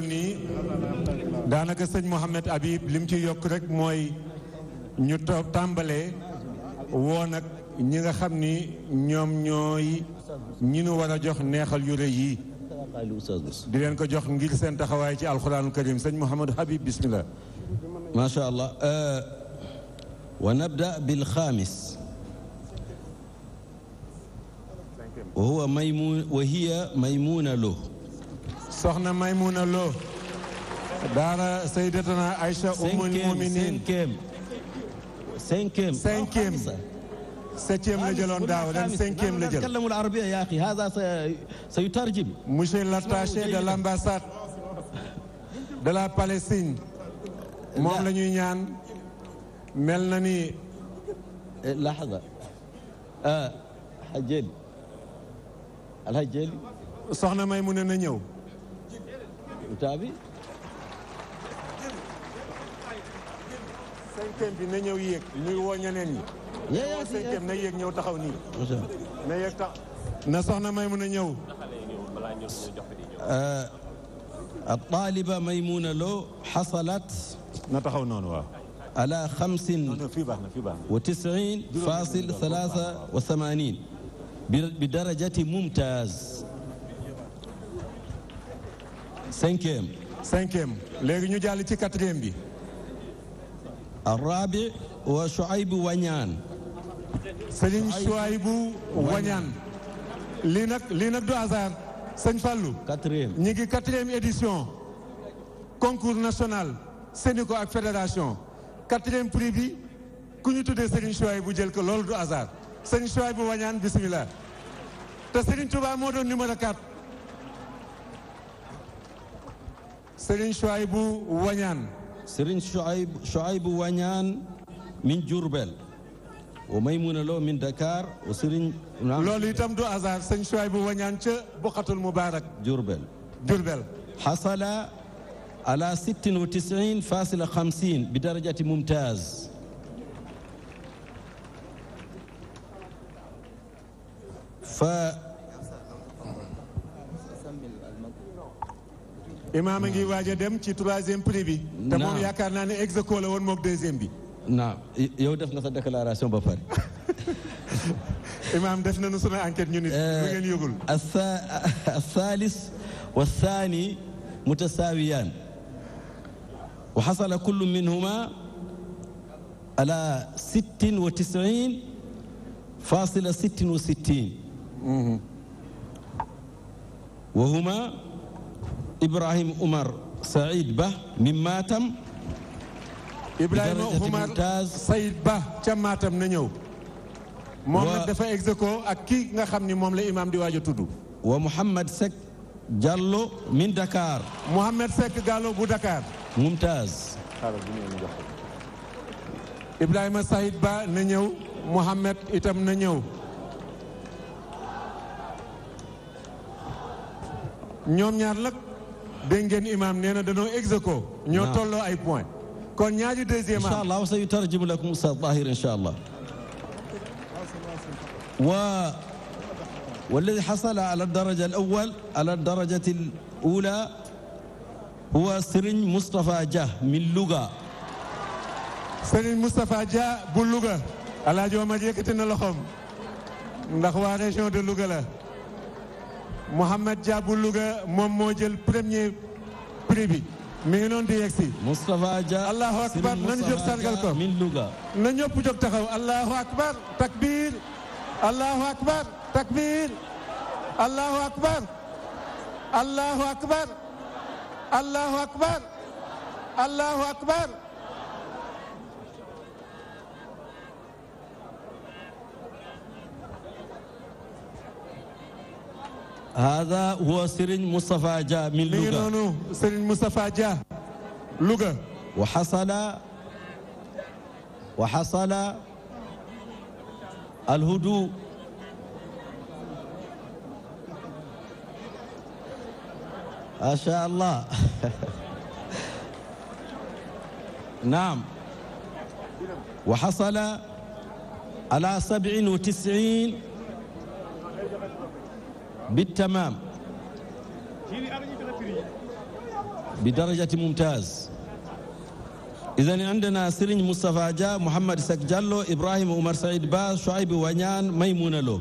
toll daanaka sëñ Mouhamed Habib lim ci yokk rek mooy ñu toog tàmbalee woo nag ñi nga xam ni ñoom ñooy ñi nu war a jox neexal yu rëy yi di leen ko jox ngir seen taxawaay ci alxuraanul karim sëñ Mouhamed Habib bismillah ma sha allah euh, wa nabda bil xaamis wa huwa soxna Maymuna Lo daara sayyidatuna Aïcha ummul muminin cinquième cinquième oh, septième la jëloon daaw ren cinquième la jël tkallamul arabia ya akhi hada sa yutarjim monsieur l'attaché de l'ambassade de la Palestine moom la ñuy ñaan mel na ni eh, lahda ah, alhaj jeli soxna may na ñëw état bi. cinquième bi na ñëw yéeg ñuy woo ñeneen ñi. ñooy woo cinquième na yéeg ñëw taxaw nii. na yéeg tax na soxna Maymuna ñëw. الطالبة ميمونة لو حصلت على خمس وتسعين فاصل ثلاثة وثمانين بدرجة ممتاز cinquième cinquième léegi ñu jàll ci quatrième bi arrabi wa Shuaybu Wañaan Sëriñ Shuaybu Wañaan lii nag lii nag du hasard sëñ Fallou quatrième ñi ngi quatrième édition concours national ko ak fédération quatrième prix bi ku ñu tuddee Sëriñ Shuaybu jël ko loolu du hasard sëñ Shuaybu Wañaan bismillah te Sëriñ Touba moo doon numéro 4 Serigne Chouaïbou Wañaan Serigne Chouaïb Chouaïbou Wañaan min Diourbel wa Maymuna Lo min Dakar wa Serigne loolu itam du hasard Serigne Chouaïbou Wañaan ca Buqatul Mubarak Diourbel Diourbel xasala ala sittin wa tisiin fasila xamsin bi darajati mumtaz fa imaam a ngi waaj a dem ci troisième prix bi. te moom yaakaar naa ne ex aequo la woon bi. naam yow def nga sa déclaration ba pare. imaam def nañu sunu enquête ñu nit euh, lu ngeen wa saani mutasaawiyaan wa xasala kullu minhuma ala wa tisiin ibrahim umar saïd ba min maatam ibrahima umar saïd ba ca maatam na ñëw moom nag dafa execo ak kii nga xam ni moom la imaam di waaj a tudd wa mouhamad sek Diallo min dakar mouhamad sek Diallo bu dakar mumtaz ibrahima saïd ba na ñëw mouhamad itam na ñëw ñoom ñaar nag dégg ngeen imaam nee na danoo ex aequo ñoo tolloo ay point kon ñaari deuxième incha allah wa sayutarjimu lakum ustaz Tahir incha allah wa والذي حصل على الدرجة الأول على الدرجة الأولى هو سرين مصطفى جاه من لغة سرين مصطفى جاه باللغة على جو ما جيكتنا لخم ndax waa région de Louga la Mouhamed Dia bu Louga moom moo jël premier prix bi mi ngi noonu di yegg si. Moustapha Dia allahu akbar nañu jóg sargal ko min Louga. na ñëpp jóg taxaw allahu akbar takbir allahu akbar takbir allahu akbar allahu akbar allahu akbar allahu akbar. hada huwa Serigne Moustapha Dia min Louga mi ngi noonu Serigne Moustapha Dia Louga wa xasala wa xasala alhudu macha allah naam wa xasala ala sab'in wa tis'in بالتمام بدرجة ممتاز إذا عندنا سيرين مصطفى جا محمد سك جالو إبراهيم عمر سعيد باز شعيب ونيان ميمون لو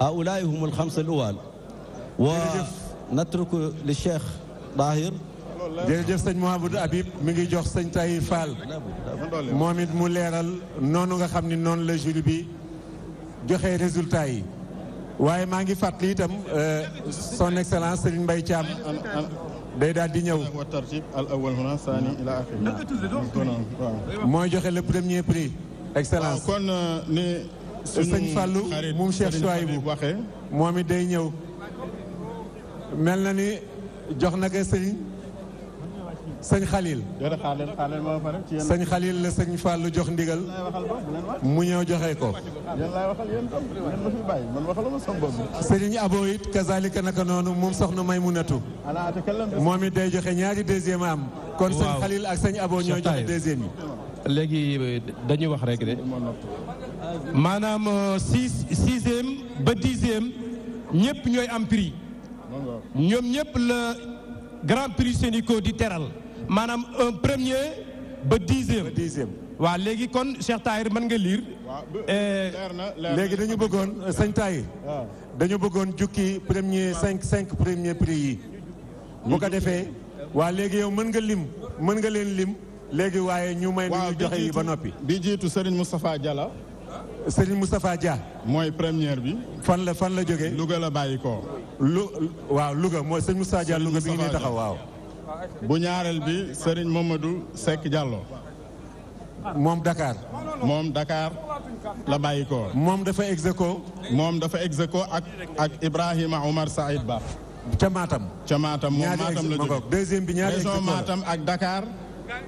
هؤلاء هم الخمسة الأول ونترك للشيخ طاهر jërëjëf sëñ Mouhamadou Habib mi ngi jox sëñ Tayi Fall moom it mu leeral noonu nga xam ni noonu la jury bi joxe résultat yi waaye maa ngi fàttali itam euh, son excellence Serigne Mbaye Thiam day daal di ñëw mooy joxe le premier prix excellence kon euh, ni sëñ Fallou moom Cheikh Souaïbou moom it day ñëw mel na ni jox na ko Serigne sëñ Khalil. sëñ Khalil la sëñ Fallou jox ndigal. mu ñëw joxe ko. sëñ Abo it kazalika naka noonu moom soxna may mu natu. moom it day joxe ñaari deuxième am. kon sëñ Khalil ak sëñ Abo ñoo joxe deuxième yi. léegi euh, dañuy wax rek de maanaam euh, six sixième ba dixième ñëpp ñooy am prix. ñoom ñëpp la grand prix Sénico di teral. maanaam un ba dixième ba dixième. waaw léegi kon Cheikh Tahir man nga liir. Eh, léegi dañu bëggoon sëñ Tahir. dañu bëggoon jukki premier cinq cinq premier prix yi. bu ko defee waa léegi yow mën nga lim mën nga leen lim léegi waaye ñu may. waaw joxe yi ba noppi. bi jiitu Serigne Moustapha Diala. Serigne Moustapha Dia. mooy première bi. fan la fan la jógee. Louga la bàyyi ko. lu waaw Louga mooy sëñ Moustapha Dia Louga bi ngi nii taxaw waaw. bu ñaareel bi Serigne du sekk jàllo moom dakaar moom dakaar la bàyyikoo moom dafa execo. moom dafa execo ak ak Ibrahima Omar Saïd Ba. ca maatam ca maatam moom Matam la jógee deuxième bi ñaari région ak dakaar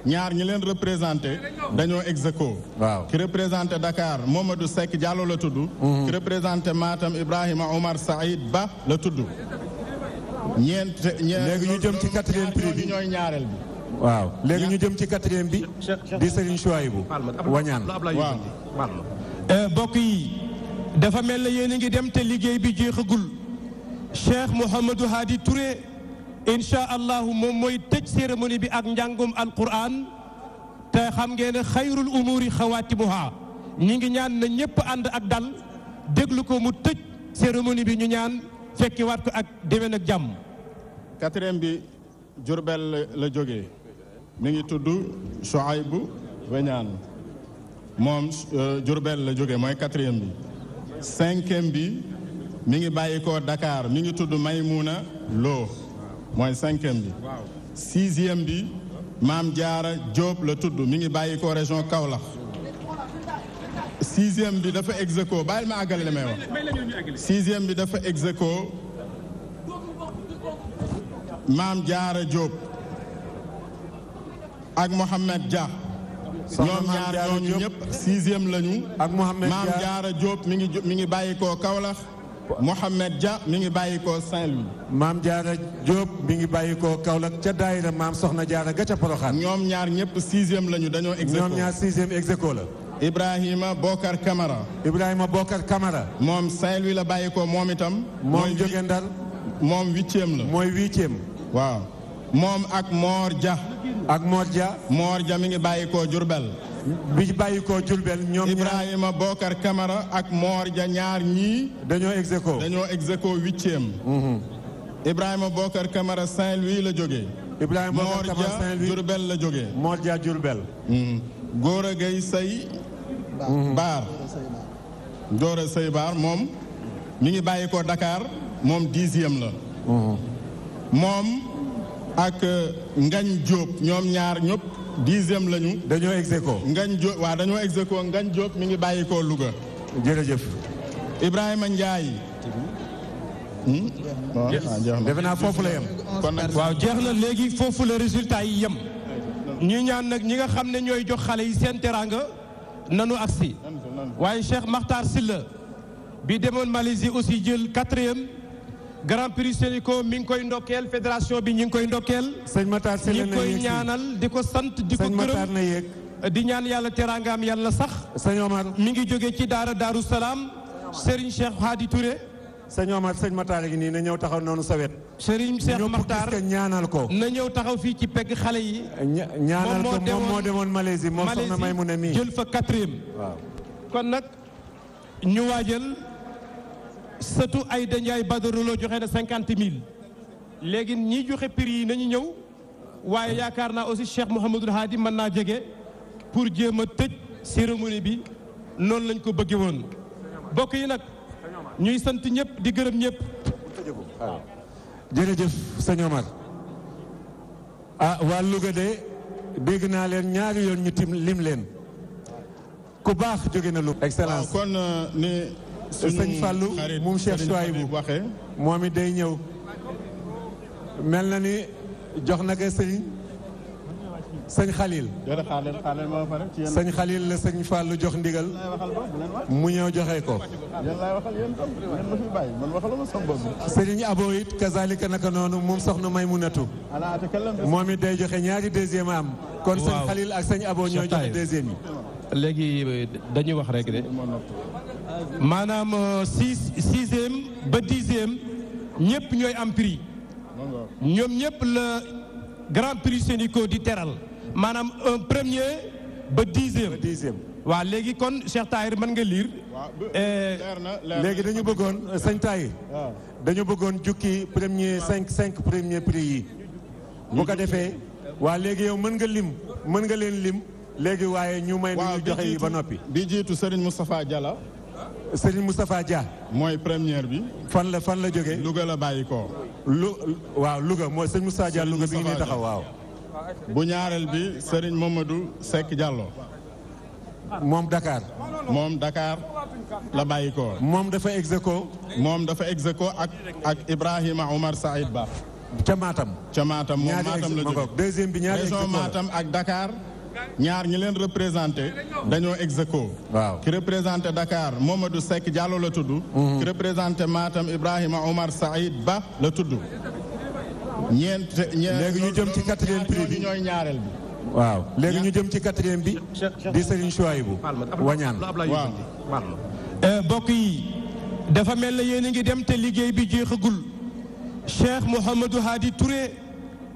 ñaar ñi leen représenté dañoo execo. waaw ki dakaar Dakar Mamadou Seck Diallo la tudd. Mhm. ki représenté Matam Ibrahima Omar Saïd Ba la tudd. ñeent léegi ñu jëm ci quatrième prix bi ñooy ñaareel bi. waaw léegi ñu jëm ci quatrième bi. di Serigne Chouaïbou wañaan waaw. Eh, yi dafa mel ne yéen a ngi dem te liggéey bi jeexagul Cheikh Mouhamadou Hadi Touré incha allahu moom mooy tëj cérémonie bi ak njàngum Alquran te xam ngeen ne xayrul umuri xawaatimuha ñi ngi ñaan na ñëpp ànd ak dal déglu ko mu tëj cérémonie bi ñu ñaan. fekki waat ko ak déwén ak jàmm. quatrième bi Jurbel la jóge mi ngi tudd bu Weñaan moom Jurbel euh, la jóge mooy quatrième bi. cinquième bi mi ngi bàyyi ko Dakar mi ngi tudd may Maymuna Lo mooy cinquième bi. sixième bi Maam Jaara Jóob la tudd mi ngi bàyyi ko région Kaolack. sixième bi dafa ex aequo bàyyil ma àggale li may wax sixième bi dafa ex aequo maam Jaara Diop ak Mohamed Dia. ñoom ñaar ñooñu ñëpp sixième lañu. ak Mohamed Dia maam Jaara Diop mi ngi mi ngi bàyyi ko Kaolack. Mohamed Dia mi ngi bàyyi ko Saint-Louis. maam Jaara Diop mu ngi bàyyi ko Kaolack ca daayira maam Soxna Jaara ga ca Porokhane. ñoom ñaar ñëpp sixième lañu dañoo ex aequo ñoom ñaar la. Ibrahima Bokar Kamara. Ibrahima Bokar Kamara. moom Saint-Louis la bàyyi moom itam. moom jóge Ndar. moom huitième la. mooy huitième. waaw moom ak Mor Dia. ak Mor Dia. Mor mi ngi bàyyi ko Diourbel. bi bàyyi ko Diourbel ñoom. Ibrahima Bokar Kamara ak Mor Dia ñaar ñii. dañoo execo dañoo execo huitième. Mhm. Ibrahima Bokar Kamara Saint-Louis la jógee. la jógee. Mor Dia Diourbel. Mhm. góor a gay say baar góor a say baar moom mi ngi bàyyi ko Dakar moom dixième la moom ak Ngañ Diop ñoom ñaar ñëpp dixième lañu dañoo exéco Ngañ Diop waaw dañoo exéco Ngañ Diop mi ngi bàyyi ko Louga jërëjëf Ibrahima Ndiaye hmm? defe naa foofu la yem waaw jeex na léegi foofu la résultat yi yem ñuy ñaan nag ñi nga xam ne ñooy jox xale yi seen teraanga nanu agsi waaye Cheikh Makhtar Silla bi demoon Malaisie aussi jël quatrième Grand Prix Sénico mi ngi koy ndokkeel fédération bi ñi ngi koy ndokkeel sëñ Makhtar Silla ñi koy ñaanal di ko sant di ko gërëm di ñaan yàlla teraangaam yàlla sax sëñ Omar mi ngi jóge ci daara Daaru Salaam Serigne Cheikh Hadi sëñ Omar sëñ Matar gi nii na ñëw taxaw noonu sa wet. Serigne Cheikh Matar ñëpp ñaanal ko. na ñëw taxaw fii ci pegg xale yi. ñaanal ko moom moo demoon Malaisie moom soxna may mu ne mii jël fa quatrième. waaw kon nag ñu waajal sëtu Aïda Ndiaye Badara Lo joxe na cinquante mille. léegi ñi joxe prix yi nañu ñëw waaye yaakaar naa aussi Cheikh Mouhamadul Hadi mën naa jege pour jéem a tëj cérémonie bi loolu lañ ko bëggee woon bokk yi nag. ñuy sant ñëpp di gërëm ñëpp. jërëjëf sëñ mag a ah, waa Louga de dégg naa leen ñaari yoon ñu tim lim leen ku baax jóge na Louga. excellence kon euh, ni sëñ Fallou moom Cheikh Souaïbou moom it day ñëw mel na ni jox na ko sëñ sëñ xalil sëñ Khalil la sëñ jox ndigal. mu ñëw joxe ko. sëriñ Abo it kazalika naka noonu moom soxna Maymunatu. moom it day joxe ñaari deuxième am. kon sëñ Khalil ak sëñ Abo ñoo joxe deuxième yi. léegi dañuy wax rek de maanaam euh, six sixième ba dixième ñëpp ñooy am prix. ñoom ñëpp la grand prix Sénico di teral. maanaam un premier ba dixième ba dixième. waaw léegi kon Cheikh Tahir mën nga liir. Eh, léegi dañu bëggoon eh, sëñ Tahir. Ah. dañu bëggoon jukki premier ah. cinq cinq premier prix yi. bu ko defee waa léegi yow mën nga lim mën nga leen lim léegi waaye ñu may. waaw joxe yi ba noppi. bi jiitu Serigne Moustapha Diala. Serigne Moustapha Dia. mooy première bi. fan la fan la jógee. Louga la bàyyi ko. lu waaw Louga mooy Serigne Moustapha Dia Louga bi ngi taxaw waaw. bu ñaareel bi Serigne Mamadou sekk Diallo. moom dakaar moom Dakar la bàyyikoo moom dafa execo. moom dafa execo ak ak Ibrahima Omar Saïd Ba. ca Matam. ca Matam moom Matam la jógee deuxième bi ñaari région ak Dakar ñaar ñi leen représenté dañoo execo. waaw ki dakaar Dakar Mamadou Seck Diallo la tudd. Mhm. ki représenté Matam Ibrahima Omar Saïd Ba la tudd. ñeent léegi ñu jëm ci quatrième prix bi ñooy ñaareel bi. waaw léegi ñu jëm ci quatrième bi di Serigne Chouaïbou wañaan waaw eh, mbokk yi dafa mel na yéen a ngi dem te liggéey bi jeexagul Cheikh Mouhamadou Hadi Touré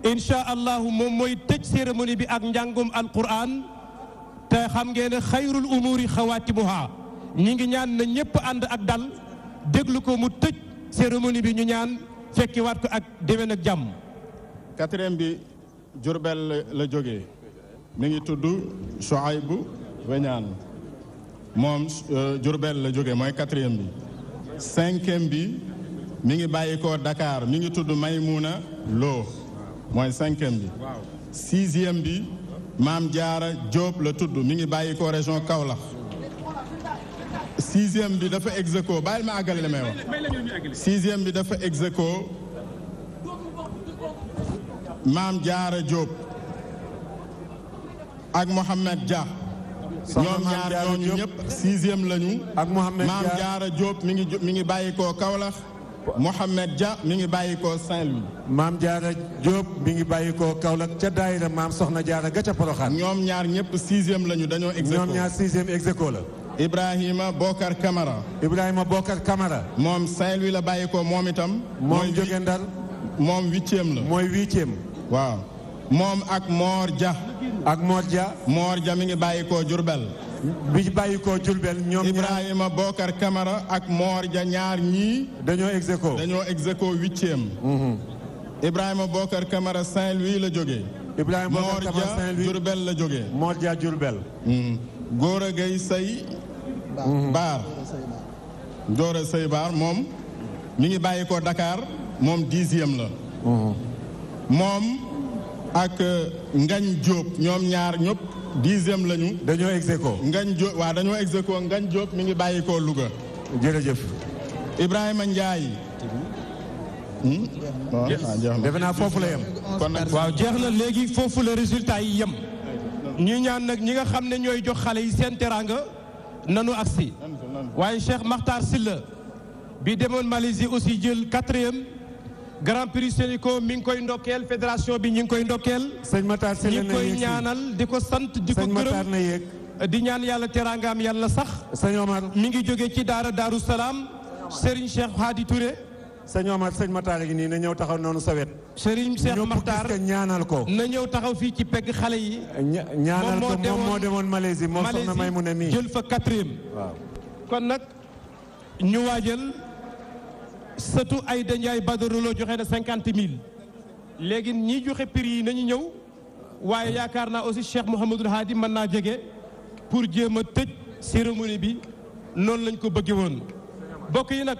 incha allahu moom mooy tëj cérémonie bi ak njàngum alquran te xam ngeen ne xayrul umuri xawaatimuha ñi ngi ñaan na ñëpp ànd ak dal déglu ko mu tëj cérémonie bi ñu ñaan fekki waat ko ak déwén ak jàmm. quatrième bi Jurbel la jóge mu ngi tudd bu Weñaan moom Jurbel euh, la jóge mooy quatrième bi. cinquième bi mi ngi bàyyi ko Dakar mi ngi tudd may Maymuna Lo mooy cinquième bi. sixième bi maam Jaara Jóob la tudd mi ngi bàyyi ko région Kaolack. sixième bi dafa ex aequo bàyyil ma àggale la may wax sixième bi dafa ex maam Jaara Diop ak Mohamed Dia. ñoom ñaar ñooñu ñëpp sixième lañu. ak Mohamed Dia maam Jaara Diop mi ngi mi ngi bàyyi koo Kaolack. Mohamed Dia mi ngi bàyyi koo Saint-Louis. maam Jaara Diop mi ngi bàyyi koo Kaolack ca daayira maam Soxna Jaara ga ca Porokhane. ñoom ñaar ñëpp sixième lañu dañoo ex aequo ñoom ñaar la. Ibrahima Bokar Kamara. Ibrahima Bokar Kamara. moom Saint-Louis la bàyyi moom itam. moom jóge Ndar. moom huitième la. mooy huitième. waaw moom ak Mor Dia. ak Mor Dia. Mor Dia mi ngi bàyyi ko Diourbel. bi bàyyi ko ñoom. Ibrahima Bokar Kamara ak Mor Dia ñaar dañoo ex dañoo ex aequo mhm. Ibrahima Bokar Kamara saint la jógee. Ibrahima Bokar Kamara Saint-Louis Mor Dia Diourbel la jógee. Mor Mhm. baar Njoore Sey Baar moom mi ngi bàyyi ko Dakar moom dixième la mhm. moom ak euh, Ngañ Diop ñoom ñaar ñëpp dixième lañu dañoo ex aequo Ngañ Diop waaw dañoo ex aequo Ngañ Diop mi ngi bàyyi ko Louga jërëjëf Ibrahima Ndiaye hmm? ah, defe naa foofu la yem waaw jeex na léegi foofu la résultat yi yem ñu ñaan nag ñi nga xam ne ñooy jox xale yi seen teraanga nanu agsi waaye Cheikh Makhtar Silla bi demoon Malaisie aussi jël quatrième grand prix Sénico mi ngi koy ndokkeel fédération bi ñi ngi koy ndokkeel. sëñ Makhtar Silla na koy ñaanal di ko sant di ko gërëm di ñaan yàlla teraangaam yàlla sax. sëñ Omar mi ngi jóge ci daara Daaru Salaam Serigne Cheikh Hadi Touré. sëñ Omar sëñ Matar gi nii na ñëw taxaw noonu sa wet. Serigne Cheikh Matar ñaanal ko. na ñëw taxaw fii ci pegg xale yi. ñaanal ko moom moo demoon Malaisie moom soxna may mu ne mii jël fa quatrième. waaw kon nag ñu waajal sëtu Aïda Ndiaye Badara loo joxe na cinquante mille. léegi ñi joxe prix yi nañu ñëw waaye yaakaar naa aussi Cheikh Mouhamadul Hadi mën naa jege pour jéem a tëj cérémonie bi noonu lañ ko bëggee woon mbokk yi nag.